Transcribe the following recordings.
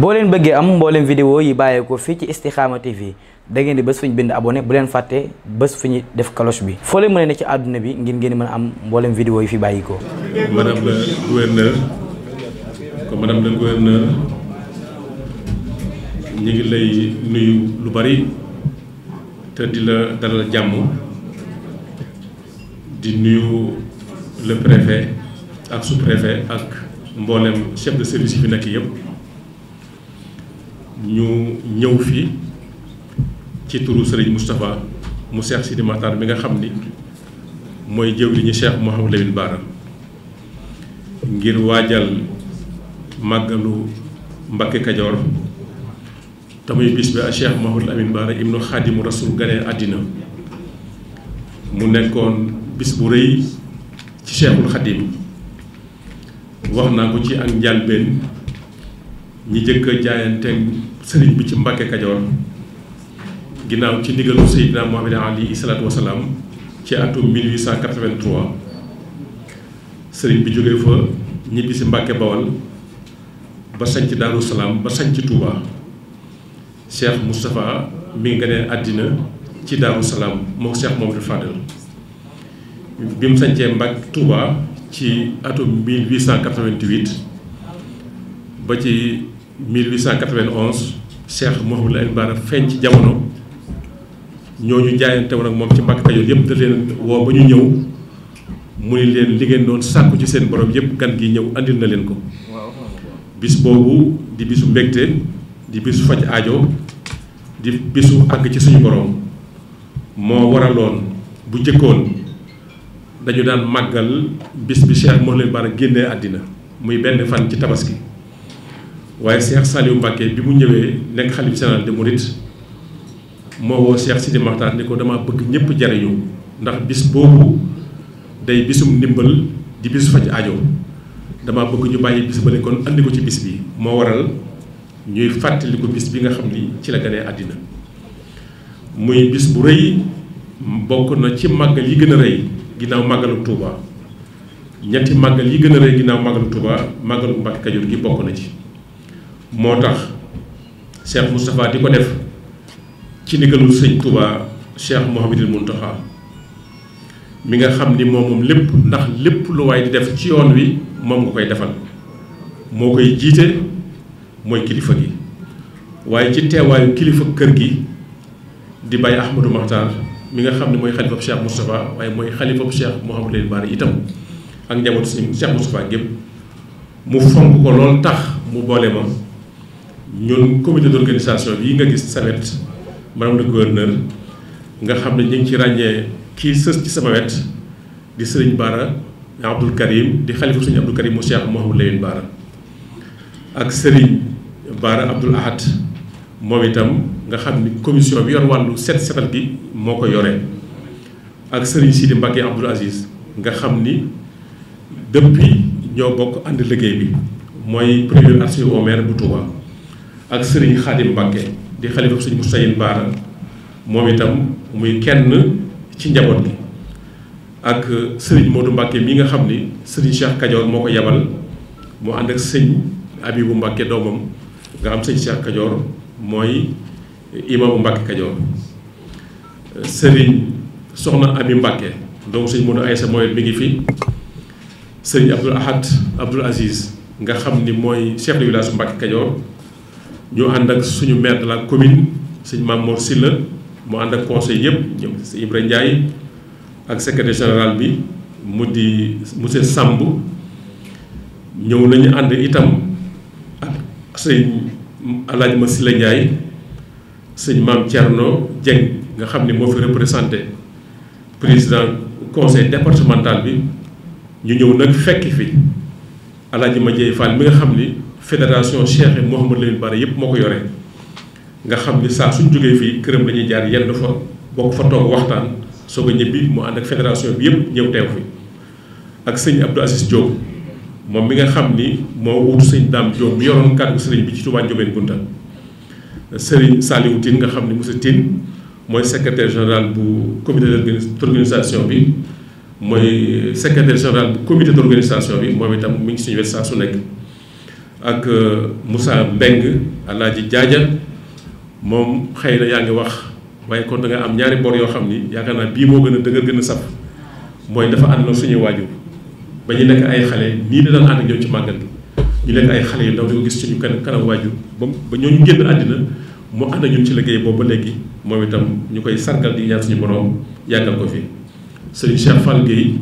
boo leen bëggee am mbooleem vidéo yi bàyyeekoo fii ci Istikhama TV da ngeen di bés fu ñu bind abonné bu leen fàttee bés fi ñu def cloche bi foo leen mën a ne ci àdduna bi ngir ngeen mën am mbooleem vidéo yi fi bàyyikoo madame la gouverneur comme madame la gouverneur ñu ngi lay nuyu lu bari te di la dalal jàmm di nuyu le préfet ak sous-préfet ak mbooleem chef de service yi fi nekk yëpp ñu ñëw fii ci turu Serigne Moustapha mu Cheikh Sidi bi nga xam ni mooy jëwriñu Cheikh Mouhamadou Lamine Bara ngir waajal màggalu Mbacké Kajoor tamuy bis bi ak Cheikh Mouhamadou Lamine Bara ibnu Xaadimu Rasul ganee àddina mu nekkoon bis bu rëy ci Cheikhul Xadim wax naa ko ci ak njàlbeen ñi jëkk a jaayanteeg sëriñ bi ci Mbàkke Kajoor ginnaaw ci ndigalu Seydina Mohamed Ali salaatu wasalaam ci atum 1883 sëriñ bi jógee fa ñibbi si Mbàkke Bawal ba sanc Daaru Salaam ba sanc Touba Cheikh Moustapha mi ngi gane àddina ci Daaru Salaam moom Cheikh Mamadou Fadel bi mu sancee Mbàkke Touba ci atum ba ci 1891 Cheikh Mouhamadou la Bara feeñ ci jamono ñooñu jaayante woon ak moom ci Mbàkke Kajoor yëpp da leen woo ba ñu ñëw mu ni leen li ngeen doon sàkku ci seen boroom yëpp gan gi ñëw andil na leen ko bis boobu di bisu mbégte di bisu faj aajo di bisu àgg ci suñu boroom moo waraloon bu jëkkoon dañu daan màggal bis bi Cheikh Mouhamadou Lamine Bara génnee àddina muy benn fan ci tabaski waaye Cheikh Saliou Mbacké bi mu ñëwee nekk xalif général des mourides moo woo Cheikh Sidi Makhtar ni ko dama bëgg ñëpp jariñu ndax bis boobu day bisum ndimbal di bis faj aajo dama bëgg ñu bàyyi bis ba ne kon andi ko ci bis bi moo waral ñuy fàttali ko bis bi nga xam ni ci la ganee àddina muy bis bu rëy bokk na ci màggal yi gën a rëy ginnaaw màggalu Touba ñetti màggal yi gën a rëy ginnaaw màggalu Touba màggalu Mbacké Kajoor gi bokk na ci moo tax Cheikh Moustapha di ko def ci ndigalul sëñ Touba Cheikh Mouhamadul Mountakha mi nga xam ni moo moom lépp ndax lépp lu waay di def ci yoon wi moom nga koy defal moo koy jiite mooy kilifa gi waaye ci teewaayu kilifa kër gi di Baye Ahmadou Makhtar mi nga xam ne mooy xalifab Cheikh Moustapha waaye mooy xalifab Cheikh Mouhamadul Baari ak njabootu gépp mu fonk ko lool tax mu boole ma ñun comité d'organisation yi nga gis sa wet madame la gouverneur nga xam ne ñu ngi ci ràññee kii sës ci sama wet di sëriñ Bara Abdoul Karim di xalifa sëriñ Abdoul Karim mu Cheikh Mouhamadou Lamine Bara ak sëriñ Bara Abdoul Ahad moom itam nga xam ni commission bi yor wàllu set setal gi moo ko yore ak sëriñ Sidi Mbacké Abdoul Aziz nga xam ni depuis ñoo bokk ànd liggéey bi mooy premier archiviste au maire bu Touba. ak sëriñ Xaadim Mbàkke di xalifa suñu Mustayin Baara moom itam muy kenn ci njaboot gi ak sëriñ Modou Mbàkke mi nga xam ni sëriñ Cheikh Kajoor moo ko yabal mu ànd ak sëñ Abibu Mbàkke doomam nga xam sëñ Cheikh Kajoor mooy imaamu Mbàkke Kajoor sëriñ soxna Ami Mbàkke doomu sëñ Modou Aysa mooy mi ngi fi sëriñ Abdul Ahad Abdul Aziz nga xam ni mooy chef de village Mbàkke Kajoor ñu ànd ak suñu maire de la commune sëñ Mamour Sylla mu ànd ak conseil yëpp ñoom si Ibrahima Ndiaye ak secretaire général bi mu di monsieur Samb ñëw nañu ànd itam ak sëñ Alaaji Ma Sylla Ndiaye sëñ Maam Thierno Dieng nga xam ni moo fi représenté président conseil départemental bi ñu ñëw nag fekk fi Alaaji Ma Dieye Fall mi nga xam ni fédération Cheikh Mouhamadou Lamine Bara yëpp moo ko yore nga xam ni saa suñ jógee fii këram la ñuy jaar yenn fa bokk fa toog waxtaan soog a ñibbi mu ànd ak fédération bi yëpp ñëw teew fi ak sëñ Abdou Aziz Diop moom mi nga xam ni moo wutu sëñ Dame Diop mi yoroon kàddu sëriñ bi ci Touba Ndiobène Kounta sëriñ Saliou Tine nga xam ni monsieur Tine mooy secrétaire général bu comité d'organisation bi mooy secrétaire général bu comité d'organisation bi moom itam mi ngi suñu wet ak euh, Moussa Mbeng ji Jaaja moom xëy na yaa ngi wax waaye kon da am ñaari bor yoo xam ni yaakaar naa bii moo gën a dëgër gën a saf mooy dafa ànd na suñu waajur ba ñu nekk ay xale nii da daan ànd ak ñoom ci màggal bi ñu nekk ay xale yu ndaw di ko gis ci ñu kan kanam waajur ba ba ñooñu génn àddina mu ànd ñun ci liggéey boobu ba léegi moom itam ñu koy sargal di ñaan suñu borom yàggal ko fi sëriñ Cheikh Fall Guèye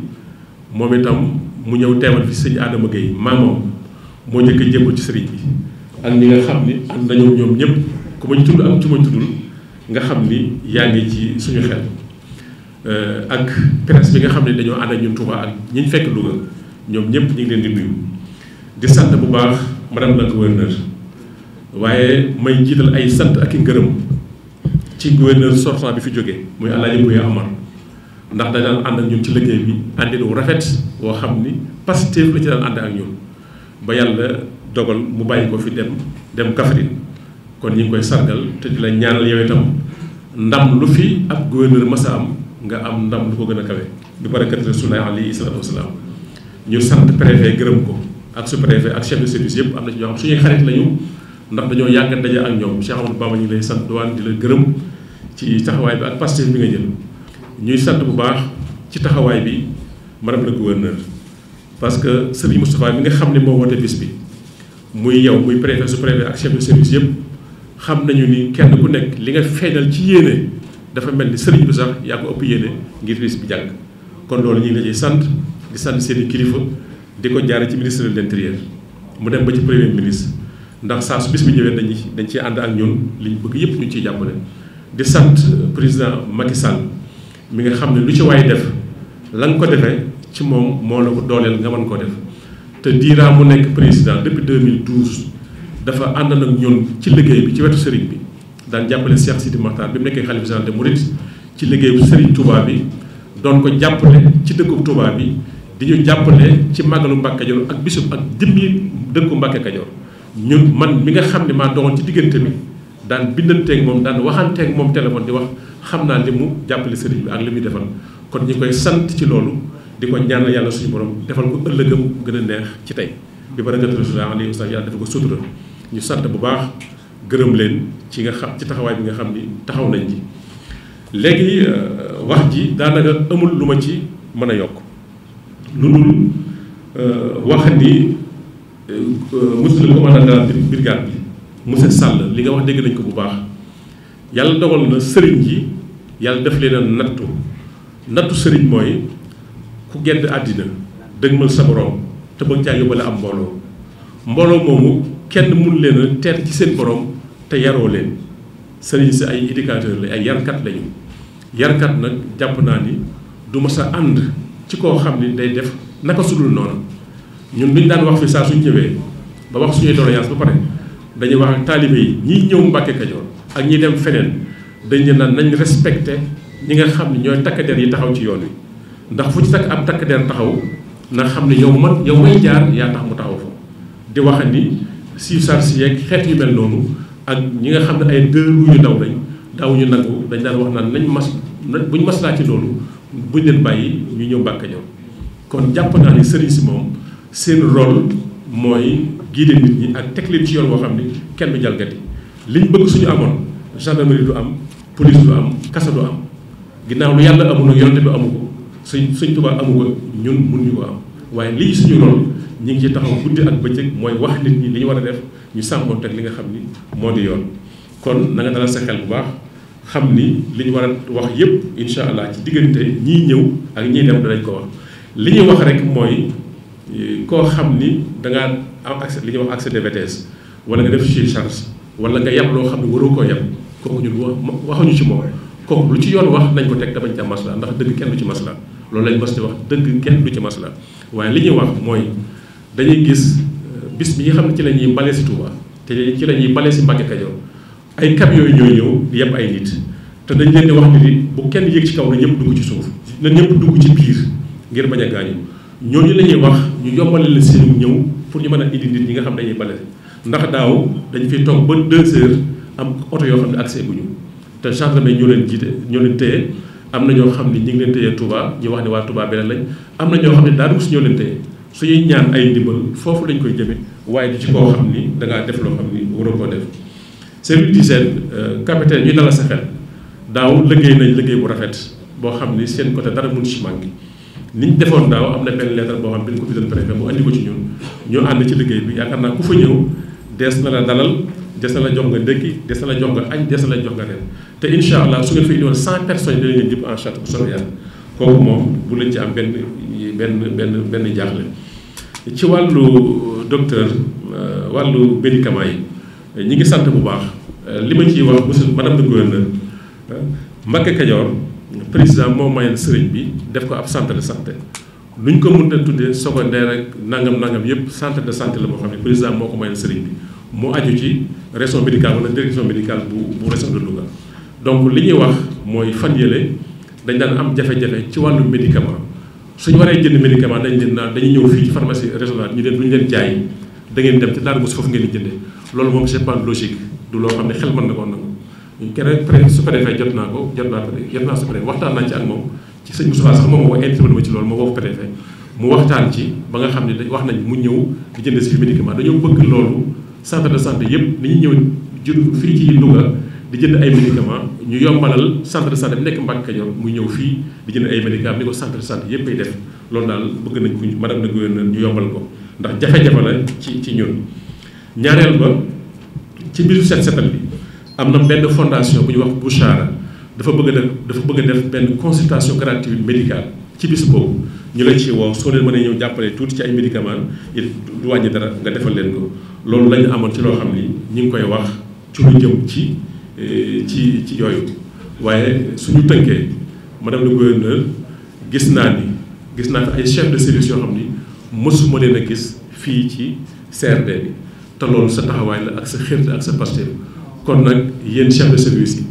moom itam mu ñëw teewal bi sëñ Adama Guèye maamoom moo njëkk a ci sëriñ bi ak ñi nga xam ni ànd nañoo ñoom ñëpp ku ma ñu tudd ak ku ma tuddul nga xam ni yaa ngi ci suñu xel euh, ak presse bi nga xam ne dañoo ànd ak ñi ñu fekk ñoom ñëpp ñu ngi leen di nuyu di bu baax madame la gouverneur may jiital ay sant ak i ngërëm ci gouverneur sortant bi fi jógee muy Alaaji Buya Amar ndax da daan ànd ak ñun ci liggéey bi àndin wu rafet woo xam ni Pastef la ci daan ànd ak ñun ba yàlla dogal mu bàyyi ko fi dem dem Kaffrine kon ñu ngi koy sargal te di la ñaanal yow itam ndam lu fi ab ma sa am nga am ndam lu ko gën a kawe bi barakat rasulullah alayhi salaatu wasalaam ñu sant préfet gërëm ko ak su préfet ak chef service yëpp am na ci ñoo xam suñuy xarit lañu ndax dañoo yàgg daje ak ñoom Cheikh Amadou Bamba ñu ngi lay sant di la gërëm ci taxawaay bi ak pasteur bi nga jël ñuy sant bu baax ci taxawaay bi madame le gouverneur parce que Serigne Moustapha mi nga xam ne moo woote bis bi muy yow muy préfet su préfet ak chef de service yëpp xam nañu ni kenn bu nekk li nga feeñal ci yéene dafa mel ni sëriñ bi sax yaa ko ëpp yéene ngir bis bi jàng kon loolu ñu ngi la sant di sant seeni kilifa di ko jaare ci ministre de l'intérieur mu dem ba ci premier ministre ndax saa su bis bi ñëwee dañuy dañ ciy ànd ak ñun liñ bëgg yëpp ñu ciy jàppale di sant président Macky Sall mi nga xam ne lu ci waaye def la ko defee. ci moom moo la ko dooleel nga man koo def te diiraa mu nekk président mil 2012 dafa ànd nag ñun ci liggéey bi ci wetu sëriñ bi daan jàppale Cheikh Sidi Makhtar bi mu nekkee xalif général des ci liggéey bu sëriñ Touba bi doon ko jàppale ci dëkku Touba bi di ñu jàppale ci màggalu Mbàkke Kajoor ak bisub ak jëmmi dëkku Mbàkke Kajoor ñun man mi nga xam ne maa doxoon ci diggante mi daan bindanteeg moom daan waxanteeg moom téléphone di wax xam naa li mu jàppale sëriñ bi ak li muy defal kon ñi koy sant ci loolu di ko ñaan yàlla suñu borom defal ko ëllëgam gën a neex ci tey bi barakatu rasulullah alayhi wasallam yàlla dafa ko sutura ñu sant bu baax gërëm leen ci nga xam ci taxawaay bi nga xam ni taxaw nañ ji léegi euh, wax ji daanaka amul lu ma ci mën a yokk lu dul euh, wax ni monsieur euh, le commandant de la brigade li nga wax dégg nañ ko bu baax yàlla dogal na sëriñ ji yàlla def leen a nattu nattu sëriñ mooy ku génn àddina dëgmal sa borom te bëgg caa yóbbale am mbooloo mbooloo moomu kenn mun leen a ci seen borom te yaroo leen sëriñ si ay éducateur la ay yarkat lañu yarkat nag jàpp naa ni du ma sa ànd ci koo xam ni day def naka sudul noonu ñun duñ daan wax fi saa suñ ñëwee ba wax suñuy doléance bu pare dañuy wax ak taalibe yi ñiy ñëw Mbàkke Kajoor ak ñi dem feneen dañ na nañ respecté ñi nga xam ne ñooy takk der yi taxaw ci yoon wi ndax fu ci fekk am takk der taxaw na xam ne yow man yow may jaar yaa tax mu taxaw fa di wax ni si sars yeeg xeet yu mel noonu ak ñi nga xam ne ay deux roues yu daw lañ daawuñu nag dañ daan wax naan nañ mas buñ maslaa ci loolu buñ leen bàyyi ñu ñëw Mbàkke ñëw kon jàpp naa ni sëriñ si moom seen rôle mooy guider nit ñi ak teg leen ci yoon boo xam kenn du jalgati liñ bëgg suñu amoon gendarmerie du am police du am kasa du am ginnaaw lu yàlla amul ak yonte bi amu ko suñ suñ Tuubaa amu ko ñun mënuñu ko am waaye lii suñu lool ñu ngi ci taxaw guddi ak bëccëg mooy wax nit ñi li ñu war a def ñu sàmmoon teg li nga xam ni moo di yoon kon na nga dalal sa xel bu baax xam ni li ñu war a wax yëpp incha allah ci diggante ñii ñëw ak ñii dem danañ ko wax li ñuy wax rek mooy koo xam ni dangaa am accès li ñuy wax accès de vitesse wala nga def surcharge wala nga yab loo xam ne waroo koo yab kooku ñun waxuñu ci moom kooku lu ci yoon wax nañ ko teg te bañ ca masla ndax dëgg loolu lañ mas di wax dëgg kenn lu ci masla waaye li ñuy wax mooy dañuy gis euh, bis bi nga xam ne ci la ñuy bale si Touba te ci la ñuy bale si Mbàkke Kajoor ay camion yooyu ñooy ñëw di ay nit te dañ leen di wax ni bu kenn yëg ci kaw na ñëpp dugg ci suuf na ñëpp dugg ci biir ngir bañ a gaañu ñooñu la ñuy wax ñu yombale la seenu ñëw pour ñu mën a indi nit ñi nga xam dañuy bale ndax daaw dañu fi toog ba deux heures am oto yoo xam ne accès bu ñu te gendarme ñoo leen jiite ñoo leen téye am na ñoo xam ne ñi ngi leen téye Touba ñu wax ne waa Touba beneen lañ am na ñoo xam ne daanaka su ñoo leen téye suñuy ñaan ay ndimbal foofu lañ koy jëme waaye di ci koo xam ni da ngaa def loo xam ni waroo koo def service d'hygiène euh, capitaine ñu dala sa xel daaw liggéey nañ liggéey bu rafet boo xam ni seen côté dara mun ci gi ni ñu defoon daaw am na benn lettre boo xam ne dañ ko bindal préfet mu andi ko ci ñun ñoo ànd ci liggéey bi yaakaar naa ku fa ñëw dees na la dalal dese na jox nga ndékki dese la jox nga añ dese la jox nga ren te incha allah su ngeen fi indiwoon cent personnes dinañ leen jëpp en charge bu soobee yàlla ci am benn benn benn benn jaaxle ci wàllu euh, docteur euh, wàllu médicament yi ñi ngi sant bu baax euh, li ma ciy wax monsieur madame le gouverneur Mbacké Kadior président moo mayoon sëriñ bi def ko ab centre de santé lu ñu ko mun a tuddee secondaire rek nangam nangam yëpp centre de santé la moo xam ne président moo ko mayoon sëriñ bi moo aju ci région médicale wala direction bu bu région de Louga donc li ñuy wax mooy fan yële dañ daan am jafe-jafe ci wàllu médicament suñu waree jënd médicament dañ leen naan dañuy ñëw fii ci pharmacie leen lu dem ci di jëndee loolu moom c'est pas logique du loo xam ne xel mën na ko nangu keneen pré sous-préfet jot naa ko jot naa jot naa sous waxtaan nañ ci ak moom ci sëñ Moussa sax moom moo intervenu ma ci loolu moo ko préfet mu waxtaan ci ba nga xam ne wax nañ mu ñëw di jënd si fi médicament dañoo bëgg centre de santé yëpp ñu ñëw jënd fii ci Louga di jënd ay médicaments ñu yombalal centre de santé bi nekk Mbacke Kadior mu ñëw fii di jënd ay médicaments ni ko centre de santé yëpp ay def loolu daal bëgg nañ ko madame la gouverneur ñu yombal ko ndax jafe-jafe la ci ci ñun. ñaareel ba ci biir set setal bi am na benn fondation bu ñu wax Bouchara dafa bëgg a dafa bëgg a benn consultation gratuite médicale. ci bis boobu ñu lañ ci woo soo leen mënee ñëw jàppale tuuti ci ay médicaments it du wàññi dara nga defal leen loolu lañu amoon ci loo xam ni ñu ngi koy wax ci lu jëm ci eh, ci ci yooyu waaye suñu tënkee madame le gouverneur gis naa ni gis naa fi ay chef de service yoo xam ni mësuma leen a gis fii ci CRD bi te loolu sa taxawaay la ak sa xërt ak sa pasteur kon nag yéen chef de service yi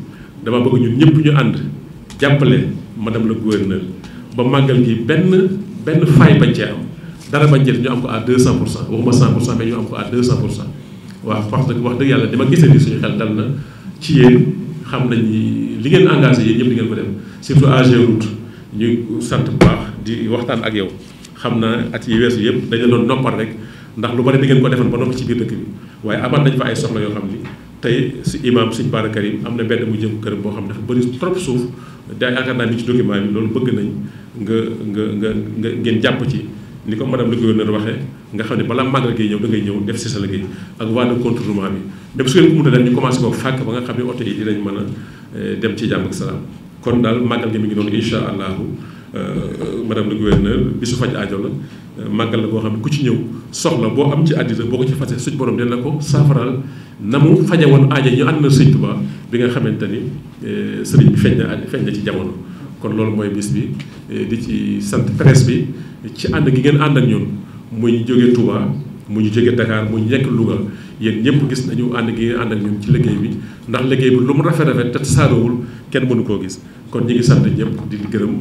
dama bëgg ñun ñëpp ñu ànd jàppale madame le gouverneur ba màggal gi benn benn fay bañ cee am dara bañ cee ñu am ko à 200 pour cent waxuma 100 pour cent mais am ko à dëgg yàlla dama gisee ni suñu xel dal na ci yéen xam nañ ni li ngeen engagé yéen ngeen ko dem surtout AG route ñu sant bu baax di waxtaan ak yow xam na at yi weesu yëpp dañu doon noppal rek ndax lu bari di ngeen ko defal ba noppi ci biir dëkk bi waaye amaat nañ fa ay soxla yoo xam ni tey si am na benn mu jëm kër boo xam dafa bëri trop suuf da yaakaar naa ni ci document bi loolu bëgg nañ nga nga nga nga ngeen jàpp ci ni ko madame le gouverneur waxee nga xam ne balaa màggal gi ñëw da ngay ñëw def si sa liggéey ak voie de contournement bi dem su ngeen ko mënta dem ñu commencé ko fàkk ba nga xam ne oto yi dinañ mën a eh, dem ci jàmm ak salaam kon daal màggal gi mi ngi noonu incha allahu eh, madame le gouverneur bi su faj ajo la eh, màggal la koo xam ne ku ci ñëw soxla boo am ci àddina boo ko ci fase suñ borom na ko saafaral na mu faje woon aajo ñu ànd na sëñ Tuubaa bi nga xamante ni sëriñ bi feeñ na feeñ na ci jamono kon loolu mooy bis bi eh, di ci sant presse bi ci ànd gi ngeen ànd ak ñun mu ñu jógee Touba mu ñu jóge Dakar mu ñu nekk Louga yéen ñëpp gis nañu ànd gi ngeen ànd ñun ci liggéey bi ndax liggéey bi lu mu rafet rafet te tasaarowul kenn mënu koo gis kon ñu ngi sant ñëpp di gërëm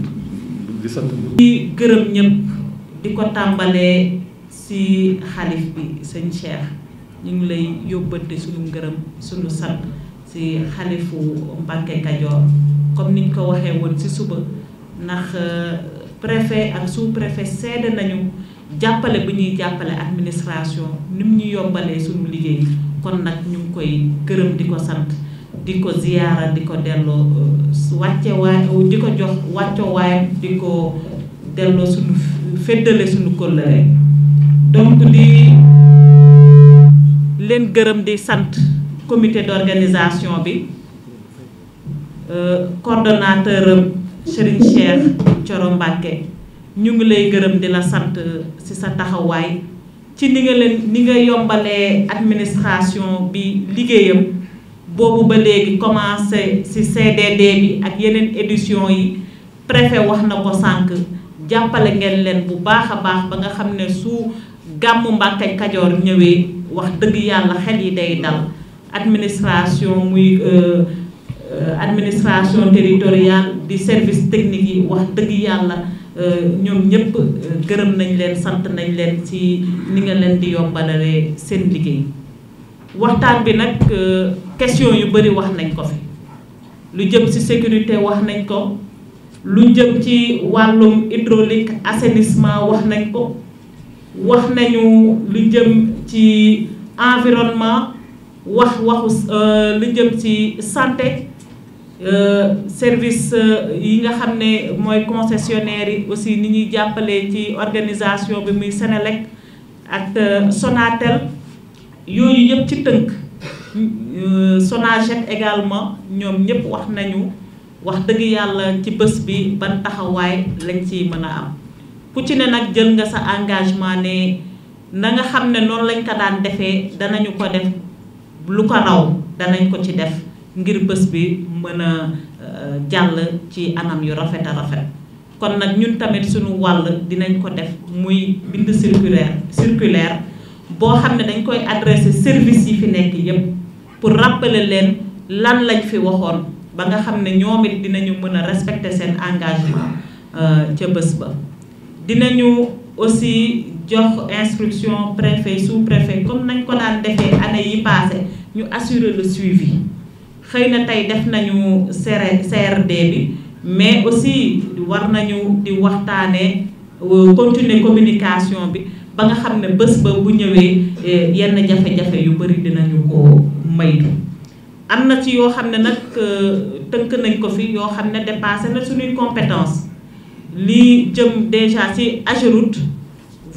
di sant. di gërëm ñëpp di ko tàmbalee si xalif bi sëñ Cheikh. ñu ngi lay yóbbante suñu ngërëm suñu sant ci xalifu Mbàkke Kajoor comme niñ ko waxee woon ci suba ndax euh, préfet ak sous-préfet nañu jàppale bi ñuy jàppale administration ni mu ñu yombalee suñu liggéey kon nag ñu koy gërëm di ko sant di ko ziyaara di ko delloo euh, wàcce waay di ko jox wàcco waay di ko delloo suñu féddale suñu kóllëre donc di leen gërëm di sant comité d'organisation bi Euh, coordonnateur am euh, Serigne Cheikh Thioro ñu ngi lay gërëm di la sant ci sa taxawaay ci ni nga leen ni nga yombalee administration bi liggéeyam boobu ba léegi commencé ci CDD bi ak yeneen édition yi préfet wax na ko sànq jàppale ngeen leen bu baax a baax ba nga xam ne su gàmmu Mbàkke Kajoor ñëwee wax dëgg yàlla xel yi day dal administration muy euh, Euh, administration territoriale di service technique yi wax dëgg yàlla euh, ñoom ñëpp euh, gërëm nañ leen sant nañ leen ci ni nga leen di yombalalee seen liggéey waxtaan bi nag question yu bëri wax nañ ko fi lu jëm ci sécurité wax nañ ko lu jëm ci wàllum hydraulique assainissement wax nañ ko wax nañu lu jëm ci environnement wax waxu lu jëm ci santé Euh, service euh, yi nga xam ne mooy concessionnaire yi aussi ni ñuy jàppale ci organisation bi muy Senelec ak euh, Sonatel yooyu yëpp ci tënk Sonaged également ñoom ñëpp wax nañu wax dëgg yàlla ci bés bi ban taxawaay lañ ciy mën a am ku ci ne nag jël nga sa engagement ne na nga xam ne noonu lañ ko daan defee danañu ko def lu ko raw danañ ko ci def ngir bés bi mën a euh, jàll ci anam yu rafet a rafet kon nag ñun tamit suñu wàll dinañ ko def muy bind circulaire circulaire boo xam ne dañ koy adressé service yi fi nekk yépp pour rappeler leen lan lañ fi waxoon ba nga xam ne ñoom it dinañu mën a respecter seen engagement euh, ca bés ba dinañu aussi jox instruction préfet sous préfet comme nañ ko daan defee année yi passé ñu assurer le suivi xëy na tey def nañu CRD bi mais aussi war nañu di waxtaanee euh, continuer communication bi ba nga xam ne bés ba bu ñëwee eh, yenn jafe-jafe yu bëri dinañu ko maytu am na ci yoo xam ne nag euh, tënk nañ ko fi yoo xam ne dépassé na suñuy compétence li jëm déjà ci AGEROUTE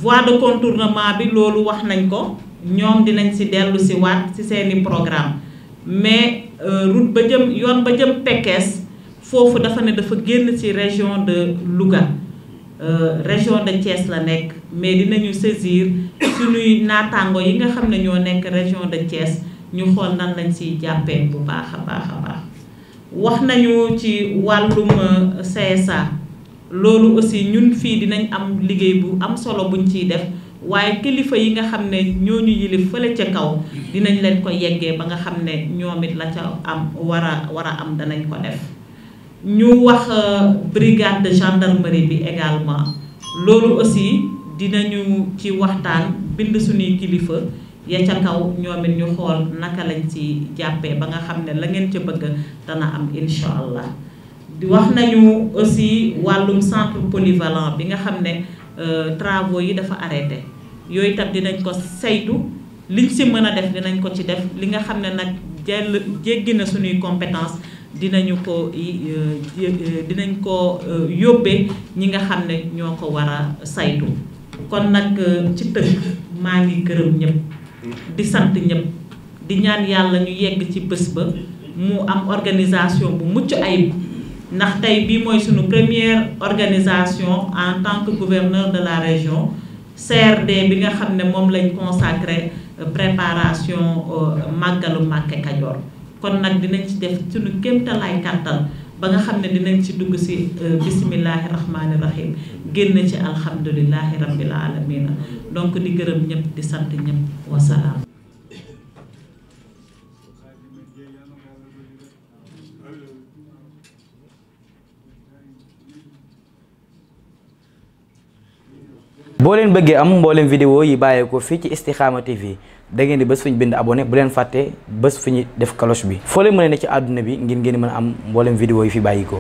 voie de contournement bi loolu wax nañ ko ñoom dinañ ci dellu ci waat ci seeni programme mais Euh, route ba jëm yoon ba jëm Pekes foofu dafa ne dafa génn ci région de Louga euh, région de Thiès la nekk mais dinañu saisir suñuy naataango yi nga xam ne ñoo nekk région de Thiès ñu xool nan lañ siy jàppee bu baax a baax a baax wax nañu ci wàllum euh, CSA loolu aussi ñun fii dinañ am liggéey bu am solo buñ ciy def waaye kilifa yi nga xam ne ñoo ñu yilif fële ca kaw dinañ leen ko yeggee ba nga xam ne ñoom it la ca am war a war a am danañ ko def ñu wax euh, brigade de gendarmerie bi également loolu aussi dinañu ci waxtaan bind suñuy kilifa ya ca kaw ñoom it ñu xool naka lañ ci jàppee ba nga xam ne la ngeen ca bëgg dana am insha allah di wax nañu aussi wàllum centre polyvalent bi nga xam ne Euh, travaux yi dafa arrêté yooyu tam dinañ ko saytu liñ si mën a def dinañ ko ci def li nga xam ne nag jël jéggi na suñuy compétence dinañu ko euh, euh, dinañ ko yóbbee ñi nga xam ne ñoo ko war a saytu kon nag ci tënk maa ngi gërëm ñëpp di sant ñëpp di ñaan yàlla ñu yegg ci bés ba mu am organisation bu mucc ay ndax tey bii mooy suñu première organisation en tant que gouverneur de la région CRD bi nga xam ne moom lañ consacré euh, préparation euh, màggalu Mbàkke Kajoor kon nag dinañ ci def suñu kéemtalaay kàttan ba nga xam ne dinañ ci dugg si euh, bisimilahi rahmaani rahim génn ci alhamdulilahi rabbil alamina donc di gërëm ñëpp di sant ñëpp wasalaam boo leen bëggee am mbooleem vidéo yi bàyyeekoo fii ci Istikhama TV da ngeen di bés ñu bind abonné bu leen fàtte bés fu ñu def cloche bi foo leen mën a ne ci àdduna bi ngir ngeen mën am mboolem vidéo yi fi bàyyikoo